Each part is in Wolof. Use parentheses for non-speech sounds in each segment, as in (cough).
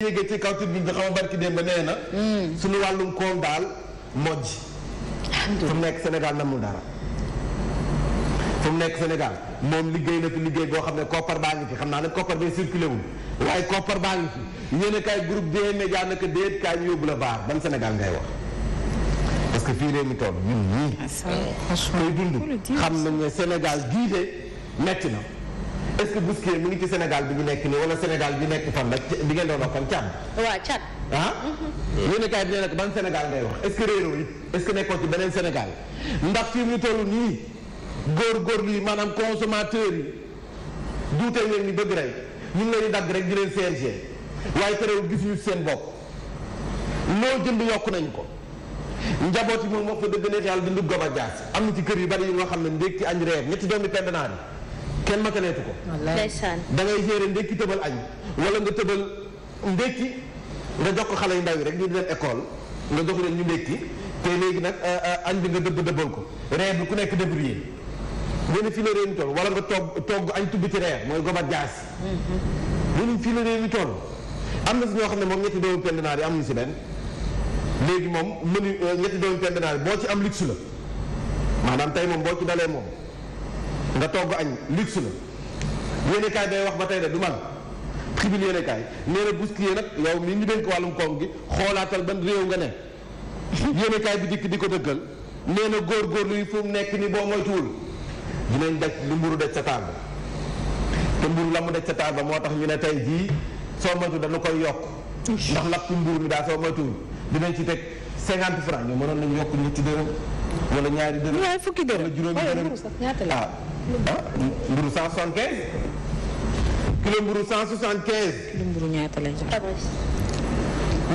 yéegee ci kaw bi xaw ma barki démb nee na. Hmm. suñu wàllum koom daal moo ji. fu mu nekk Sénégal namul dara. fu mu nekk Sénégal moom liggéey nag fi liggéey boo xam ne koppar baa ngi fi xam naa ne koppar bee circulé wul waaye koppar baa ngi fi yéen a kaay groupe des médias naka déet kaay yóbbu la baar ban Sénégal ngay wax. parce que fii réew mi toll ñun ñii. Ah, franchement koy dund xam nañ ne Sénégal gii de metti na. est-ce que Bousquier mu ngi ci Sénégal bi ñu nekk nii wala Sénégal bi nekk fan rek bi ngeen doon fan Tchad. waaw Tchad. ah. Mhm. yéen a kaay bi ne nag ban Sénégal ngay wax est-ce que réeroo it est-ce ci beneen Sénégal ndax fi mu toll nii góorgóorlu yi maanaam consommateur yi duute leen ni bëgg leen di dagg rek di leen CNG waaye terewul gisuñu seen bopp loo jënd yokk nañ ko. njaboot yi moom wax fa dëgg neex yàlla dund goba jaas am na ci kër yu bari yu nga xam ne ndéeg añ reer ñetti doomi tedd naa ni kenn makaleetu ko. dangay da ngay gérer ndékki tëbal añ wala nga tëbal ndékki nga jox ko xale yu ndaw yi rek ñu di leen école nga jox leen ñu ndékki te léegi nag euh, euh, añ bi nga dëbb dëbbal ko reer bi ku nekk débrouillé ñu ne fii la réew toll wala nga togg togg añ tubb ci reer mooy gobat jaas ñu mm-hmm. ne fii la toll am na si ñoo xam ne moom ñetti doomu pend naar yi am ñu si benn léegi moom mënu euh, ñetti doomu pend naar yi boo ci am luxe la maanaam tey moom boo ci dalee moom nga togg añ luxe la yéene kaay wax ba tey de du man tribune yéene kaay nee na Bousquier nag yow mi ñu dénk wàllum koom gi xoolaatal ban réew nga ne yéene kaay bi dikk di ko dëggal nee na góor yi fu mu nekk ni boo moytuwul dinañ daj lu mburu daj sa taal ba te mburu la mu daj sa taal ba moo tax ñu ne tey jii soo moytu dañu koy yokk ndax lakk mburu mi daa soo moytuwul dinañ ci teg cinquante francs ñoo mënoon nañ yokk ñetti dërëm wala ñaari dërëm wala juróomi dërëm ah ah mburu 175 kilo mburu 175. kilo mburu ñaata lay jox.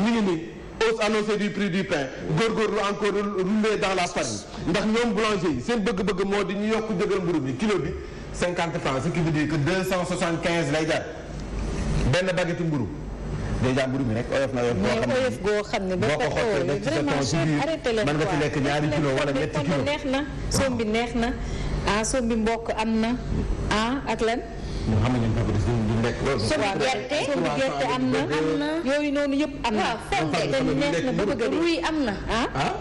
ñu ngi nii hausse annoncée du prix du pain góorgóorlu encore roulé dans la farine ndax ñoom boulanger yi seen bëgg-bëgg moo di ñu yokk jëgal mburu bi kilo bi 50 francs ce qui veut dire que 275 lay jar benn baguette mburu déjà mburu mi rek oyof na oyof. boo xam ne boo ko xoolee vraiment cher arrêté leen quoi boo ko xoolee mën nga ci lekk ñaari kilo wala ñetti kilo soom bi neex na. ah sombi mbokk am na ah ak lan. ñu xam gerte am na. yooyu noonu yëpp am na. waaw fonde neex na ba bëgg a am na ah. ah?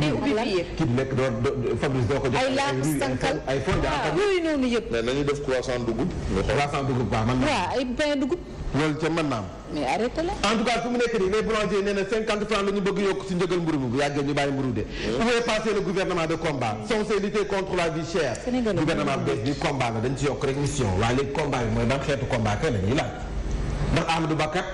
dañuy ubbi biir ki nekk doo Fabrice doo ko jox ay laaj sànqal ay fond yooyu noonu yëpp mais nañu def croissant dugub croissant dugub baax man waaw ay pain dugub loolu ca mën naa am mais arrêté la en tout cas fu mu nekk nii les boulangers nee na cinquante francs la ñu bëgg yokk ci njëgal mburu bu yàggee ñu bàyyi mburu de où est passé le gouvernement de combat censé lutter contre la vie chère gouvernement bees bi combat la dañ ci yokk rek mission waaye léegi combat bi mooy ban xeetu combat ka la ñuy laaj ndax Amadou Bakar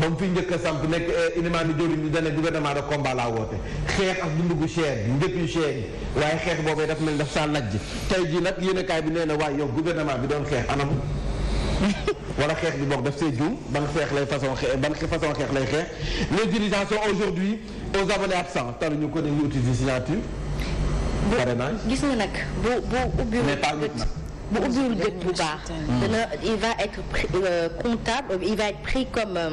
ba mu fi njëkk a samp nekk eh, inimaani jëriñ ñi dane gouvernement de combat laa woote xeex ak dundu gu cher bi njëkk yu cher yi waaye xeex boobee daf mel daf saa ji tey jii nag kaay bi nee na waaye yow gouvernement bi doon xeex anam (laughs) wala xeex bi boog daf see juum ban xeex lay façon xeex ban façon xeex lay xeex les dirigeants sont aujourd'hui aux abonnés absents talu ñu ko ne ñu uti di signature parrainage gis nga nag bu bu ubbi mais pas nag bu ubbiwul gët bu baax hmm. dana il va être euh, comptable il va être pris comme euh,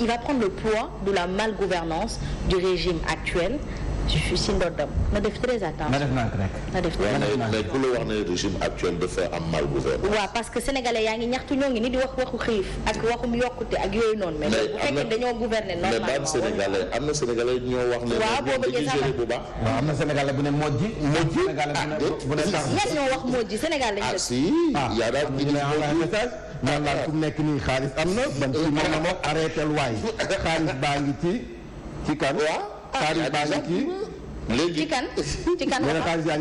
il va prendre le poids de la malgouvernance du régime actuel ci si ndoddam na def très attention. na def nànk rek na def très attention mais ku la wax ne régime actuel dafa am mal gouvernement. waaw parce que sénégalais yaa ngi ñaxtu ñoo ngi ni di wax waxu xiif ak waxum yokkute ak yooyu noonu. mais bu fekkee dañoo gouverner normalement mais daan sénégalais am na sénégalais ñoo wax ne. waaw boo bëggee sax bu baax. waaw am na sénégalais bu ne Modji. Modji ah déet bu ne sax ñan ñoo wax Modji Sénégal lañ. ah si ah, yaa daal ñu ne en message. man laa fu mu nekk nii xaalis am na. ban ci moom arrêté waay (laughs) xaalis baa ngi ci ci kan. waaw xaalis baa ngi kii léegi ci kan ci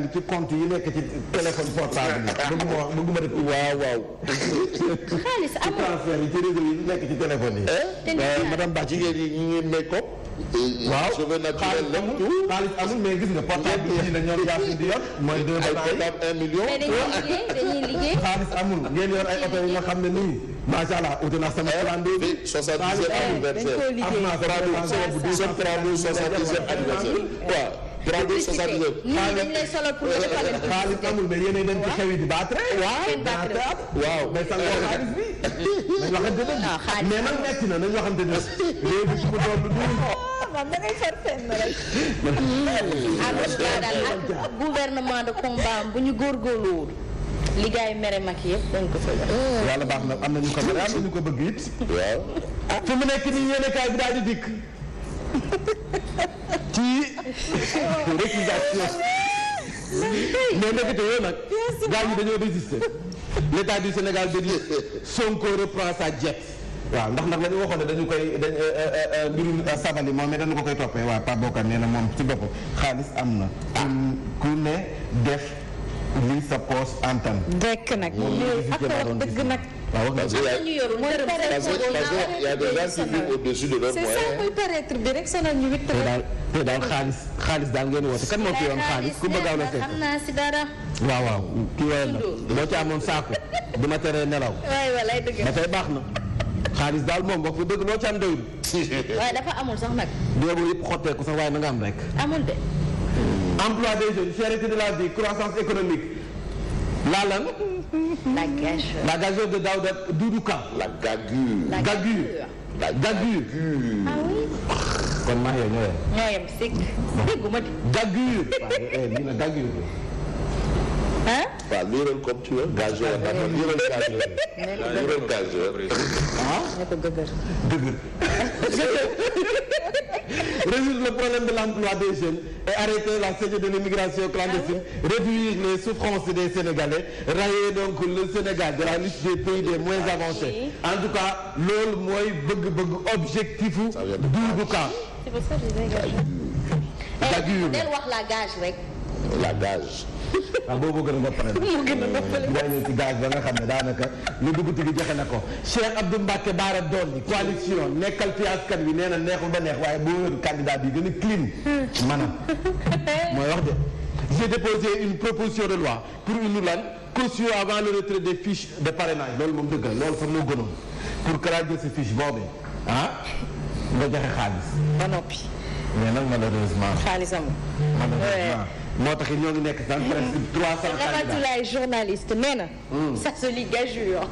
(laughs) yi nekk ci téléphone portable bi bëgguma wax waaw waaw. xaalis amul yi ci réseau yi nekk ci téléphone yi. Eh? te madame Ba jigéen yi ñu ngi may kopp. waaw xaalis amul xaalis amul mais gis nga portable bi ñu ne ñoom yaa fi di yor mooy deux ay portable un million. mais dañuy liggéey dañuy ay oto yi nga xam ne nii. macha allah uti naa sama. calendrier bi soixante-dixième anniversaire am naa soixante-dixième anniversaire waaw. grand bi soxna Diop xaalis amul mais yéen a dem ci xew yi di baatre. waaw mais (laughs) ah, na nañ waxante ne ma doon li gars yi mere mag yëpp dañ ko hmm. na am na ko mere ko bëgg it. waaw ah, fi mu daal dikk (laughs) ci récusation mais ndekete dañoo du Sénégal de dire Sonko reprend sa jet. waaw ndax ndax dañu waxoon ne dañu koy dañ euh, euh, euh, mbirum sabali moom mais dañu ko koy toppee waaw Pape Bokar nee na moom ci boppam xaalis am na. Ah. ku ne def. li sa poos antan. rek nag. moom dëgg nag. waaw parce que y' a des gens qui vivent au-dessus de leurs moyens. c'est ça muy paraître bi rek sonal ñu witt. daal te daal xaalis xaalis daal ngeen woote kan moo fi yoon xaalis ku bëgg a la fekk. am naa si dara. waaw waaw kii wala na boo ci amoon saako du ma teree nelaw. waay walaay dëgg ba tey baax na. xaalis daal moom wax fa dëgg loo ci am doyul. waaye dafa amul sax nag. déggoo yëpp xotteeku sax waaye na nga am rek. amul de. emploi des jeunes cherté la vie croissance économique la la gageure. de Daouda Doudou Ka. la gageure. la gageure. la gageure. ah oui. kon maa ngi ñoo yem. ñoo yem sikk. dégguma de. gageure. (laughs) waaw ñu eh, ne eh, gageure. ah. waaw liiral comme tu veux gageure d'accord liiral gageure. (laughs) liiral gageure. (laughs) (laughs) résoudre le problème de l'emploi des jeunes et arrêter la saignée de l'immigration clandestine ah réduire les souffrances des Sénégalais rayer donc le Sénégal de la liste des pays des moins avancés ah, en tout cas loolu mooy bëgg-bëgg objectif u Doudou Ka c'est pour ça eh, la gage la gage waaw boobu moo gën a noppale nag. moo gën a eh, ba nga xam ne daanaka lu dugg tigi joxe na ko. Cheikh Abdou Mbacke Baara Dolli coalition nekkal fi askan wi nee na neexul ba neex waaye boo wéru candidat bi gën a clean. (laughs) mooy wax de. j'ai déposé une proposition de loi pour une lan caution avant le retrait des fiches de parrainage loolu moom dëgg la loolu sax moo gënoon pour que laa jël sa fiche boobee ah nga joxe xaalis. ba noppi. mais nag malheureusement. xaalis amul. moo tax it ñoo ngi nekk dans (laughs) presque trois cent candidats Ramatoulaye journaliste nee na. Hmm. ça se lit gageure.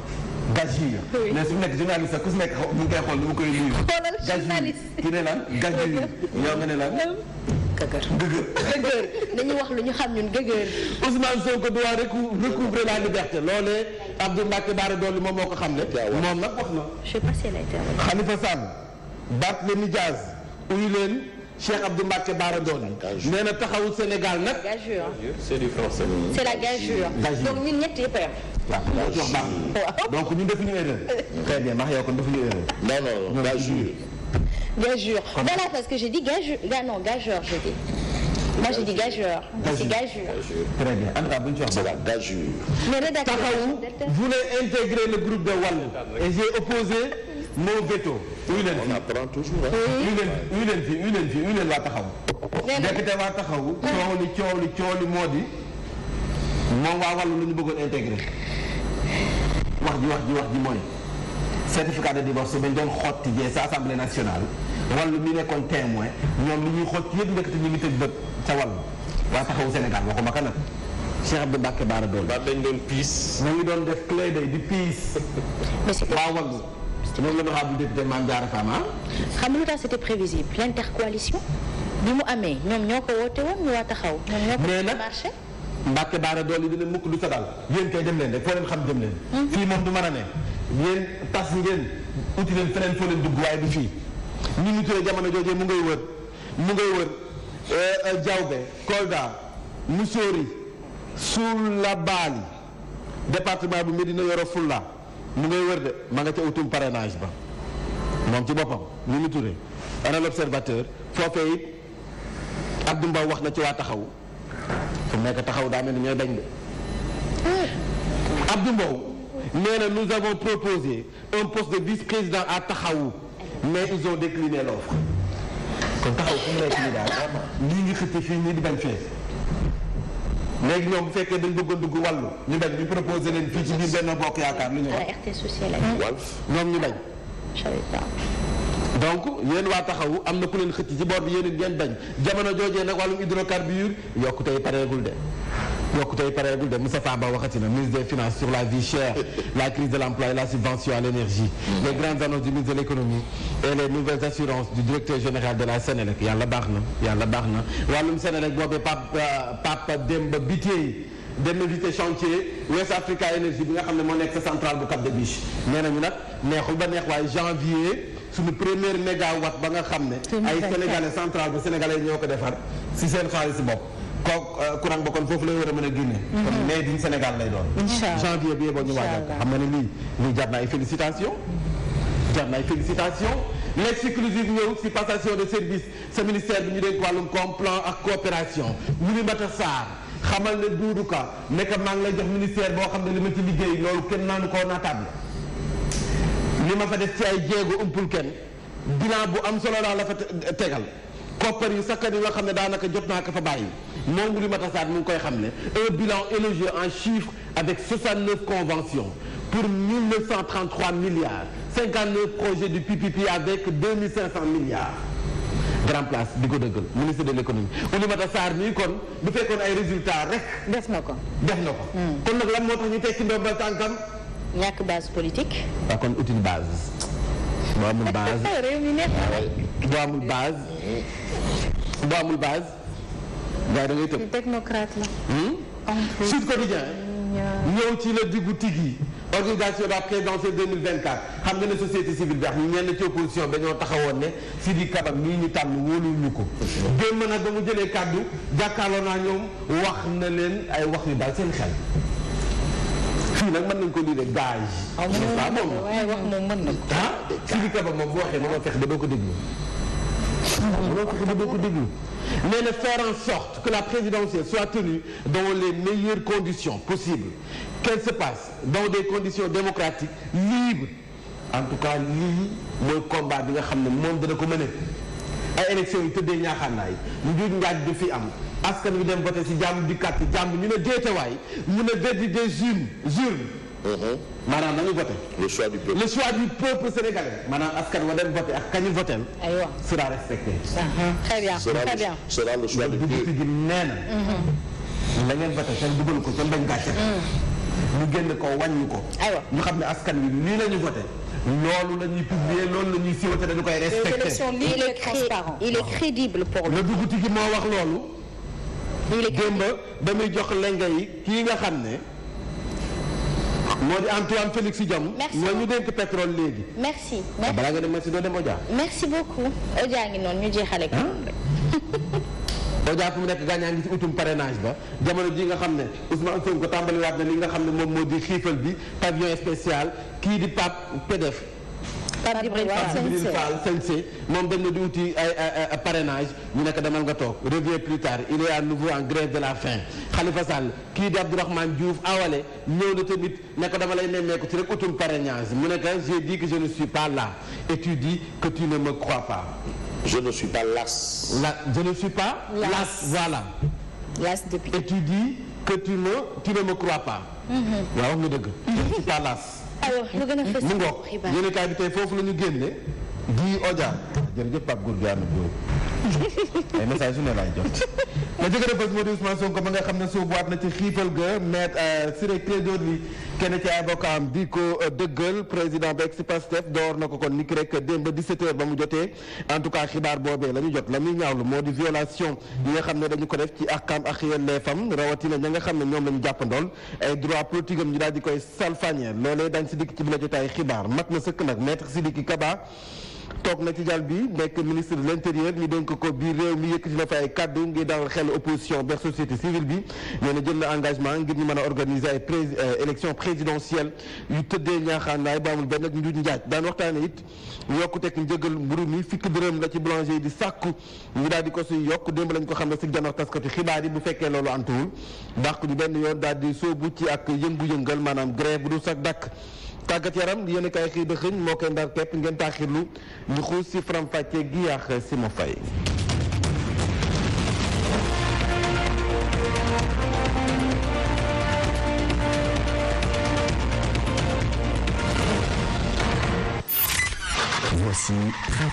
gageure mais su nekk journaliste ku si nekk xaw mu ngi koy xool nu mu koy nuyu. xoolal journaliste gageure ki ne lan gageure yow nga ne lan. gëgër gëgër dañu wax lu ñu xam ñun gëgër. Ousmane Sonko doit recouvrer la liberté loolee Abdou Mbacké Bara Dolly moom moo ko xam ne. moom nag wax na. je sais pas si elle a été Khalifa Sall Barthélémy Diaz uyu leen. Cheikh Abdou Mbacké Bara Dolly nee na taxawu Sénégal nag. gageure c'est du français. c'est la gageure. donc ñun ñett yëpp a yem. donc ñun defuñu erreur. très bien ndax yow kon defuñu erreur. non non gageure. gageure voilà parce que j'ai dit gageure non gageure j'ai dit. moi très bien en tout cas bu ñu ci wax. c'est la gageure. mais taxawu voulait intégrer le groupe de Wallu et j'ai opposé. no veto. wuyu leen fii on fii wuyu waa taxaw. député waa taxaw. coow li coow li coow li moo di moom waa wàllu la ñu bëggoon intégré wax ji wax ji wax ji mooy certificat de divorce bañ doon xotti jee sa assemblée nationale wàllu mi nekkoon témoin ñoom li ñuy xotti yëpp ndekete ñu ngi tëj bët ca wàllu waa taxaw Sénégal waxuma kan nag Cheikh Abdou Mbacke Baara Doole. dañ doon piis. ñu ngi doon def clé day di piis. waa wàllu. prévisible. te moom l'honorable député Mame Diarra Fam xam nga lu tax c'était prévisible l'intercoalition bi mu amee ñoom ñoo ko woote woon ñu waa taxaw. ñoom ñoo ko marché Mbacke Baara doole dina mukk du sa dal yéen kay dem leen rek foo leen xam dem leen. Hmm? fii moom du mën a ne yéen tas ngeen uti leen feneen foo leen dugg waaye du fii ñu ñu turee jamono joojee mu ngay wër mu ngay wër euh, euh, Diaobé Kolda Moussori Soulabaali département bu Médina Yoro Foulah mu ngay wër de ma nga ca utum parrainage ba moom ci boppam ni mu ture ana l'observateur foofee it Abdou Mbow wax na ci waa taxaw fu mu nekk taxaw daa mel ni ñooy dañ de Abdou Mbow nee na nous avons proposé un poste de vice-président à taxawu mais ils ont décliné l'offre kon taxaw fu mu nekk nii daal lii ngi xëcc fii nii di bañ fee léegi ñoom bu fekkee dañ bëggoon dugg wàllu ñu bañ ñu proposé leen fii ci biir benn bokk yaakaar lu ñu wax. RT sociale hmm? ñu bañ. donc yéen waa taxaw am na ku leen xëcc ci boor bi yéen ngeen bañ jamono joojee nag wàllum hydrocarbure yokku tey pareegul de. yokku tey pareegul de Moustapha Ba waxati na ministre des finances sur la vie chère (laughs) la crise de l'emploi et la subvention à l'énergie mm. les grandes annonces du ministre de l'économie et les nouvelles assurances du directeur général de la Sénélec yàlla baax na yàlla baax na wàllum Sénélec boobee Pape euh, Pape Demba Biteye d'indemnité chantier West Africa Energy bi nga xam ne moo nekk sa centrale bu Cap de Biche nee nañu nag neexul ba neex waaye janvier suñu première mégawatt nga xam ne ay sénégalais centrale bu sénégalais ñoo ko seen xaalis bopp ko euh, courant ba kon foofu lay war a mën a génne. Mhm. kon mais diñ Sénégal lay doon. incha allah janvier bi boo ñu waajal ko xam ne lii lii jar na ay félicitations. jar na ay félicitations l'exclusive ñëw ci passation de service sa ministère bi ñu dénk wàllum com plan ak coopération Moulimata Sarr xamal ne Doudou Ka nekk maa ngi lay jox ministère boo xam ne li ma ci liggéey loolu kenn naanu koo naataable li ma fa def ci ay jéego umpul kenn bilan bu am solo daal la tegal. koppar yu sakkan yi nga xam ne daanaka jot naa ko fa bàyyi moom li ma tasaat mu ngi koy xam ne un bilan élogieux en chiffres avec 69 conventions pour milliards 59 du PPP avec milliards grand place di ko dëggal ministre de l'économie Oulimata Sarr nii kon bu fekkoon ay résultats rek. def na ko def na ko. Hmm. kon nag lan moo tax ñu tekki ndombal tànkam. ñàkk base politique. Ah, waaw kon outil base. moo amul base (laughs) réew mi nekk boo amul base boo amul base gars yi da ngay tëb. technocrate la. Hmm? Sud Quotidien ñëw ci la diggu tigi organisation de la présidentielle 2024 xam nga ne société civile bi ak ñenn ci opposition dañoo taxawoon ne Sidi Kaba mii ñu tànn wóoluwuñu ko. démb nag ba mu jëlee kàddu jàkkaarloo naa ñoom wax na leen ay wax yu daal seen xel. fii nag mën nañ ko lire gage. ah moom wax moom mën na ko. ah Sidi Kaba moom boo waxee ma fex ba doo ko déglu. mais de faire en sorte que la présidentielle soit tenue dans les meilleures conditions possibles qu'elle se passe dans des conditions démocratiques libres en tout cas lii mooy combat bi nga xam ne moom dana ko mën ay élections yi tëddee ñaaxaanaay njuuj njaaj du fi am askan wi dem voté si jàmm dikkaat si jàmm ñu ne déetewaay mu ne déddi des urnes urnes Mhm. maanaam nañu voté. le choix du peuple le choix du peuple sénégalais. maanaam askan wa dem voté ak kañu voté. aywa sera respecté. Uh-huh. très bien très bien. nee na. la mhm. ngeen voté seen ko seen bañ gàcce. Mhm. ñu génn ko wàññi ko. aywa ñu xam ne askan wi nii la ñu voté. la ñuy publier la ñuy siwate koy respecté. il est transparent il est crédible pour le duguti gi moo wax loolu. il est démb ba jox lenga kii nga xam ne. moo di Antoine Félix Diome. merci ñoo ñu dénk pétrole léegi. merci merci ah, balaa nga dem merci doo dem Odia. merci beaucoup Odia ngi noonu ñu jeexale ko. Ah. (laughs) Odia fu mu nekk gaañaa ngi ci utum parrainage ba jamono ji nga xam ne Ousmane Sonko tàmbaliwaat na li nga xam ne moom moo di xiifal bi pavillon spécial kii di Pape Pdef. Pape Ibrahima moom dem na di wuti ay parrainage ñu nekk demal nga toog revient plus tard il est à nouveau en grève de la faim Khalifa Sall kii di Abdourahmane Diouf awale ñëw na tamit ne ko dama lay nemmeeku ci rek utum parrainage mu ne que j'ai dit que je ne suis pas là et tu dis que tu ne me crois pas je ne suis pas las la je ne suis pas las, las voilà et tu dis que tu ne tu ne pas mm-hmm. waaw nga dëgg je ne suis pas las alors lu gën mu ngoog yéen bi tey foofu la ñu génne Guy Odia jërëjëf Pape Gorgui Anna Ndoye ay message su ne laay jot la jëkkër a bés moo di Ousmane Sonko ma nga xam ne soobuwaat na ci xiifal ga maître euh, Ciré Clédor Ly kenn ci avocat di ko euh, dëggal président beeg si Pastef door na ko kon ni ki rek démb 17h ba mu jotee en tout cas xibaar boobee la ñu jot la muy ñaawlu moo di violation yi nga xam ne dañu ko def ci akam ak yelleefam rawatina ña nga xam ne ñoom la ñu jàppandool ay droit politique am ñu daal di koy salfañe loolee dañ si dikk ci bi la jotaay xibaar mat na sëkk nag maître toog na ci jàll bi nekk ministre de l' intérieur ñu dénk ko biir réew mi yëkkati na fa ay kàddu ngir dalal xel opposition beeg société civile bi nee na jël na engagement ngir ñu mën a organiser ay pré euh, élection présidentielle yu tëddee ñaaxaanaay ba benn ak njuuj njaaj daan waxtaane it yokkuteeg njëgal mburu mi fukki dërëm la ci boulanger yi di sàkku ñu daal di ko si yokk démb lañ ko xam ne si janox taskatu xibaar yi bu fekkee loolu antuwul dàq ñu benn yoon daal di sóobu ci ak yëngu-yëngal maanaam grève bu du sax dàkk tàggat yaram yenn a kaay xëy da xëñ moo koy ndar képp ngeen taaxirlu ñu xuus si faram gi yaax si ma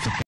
fay.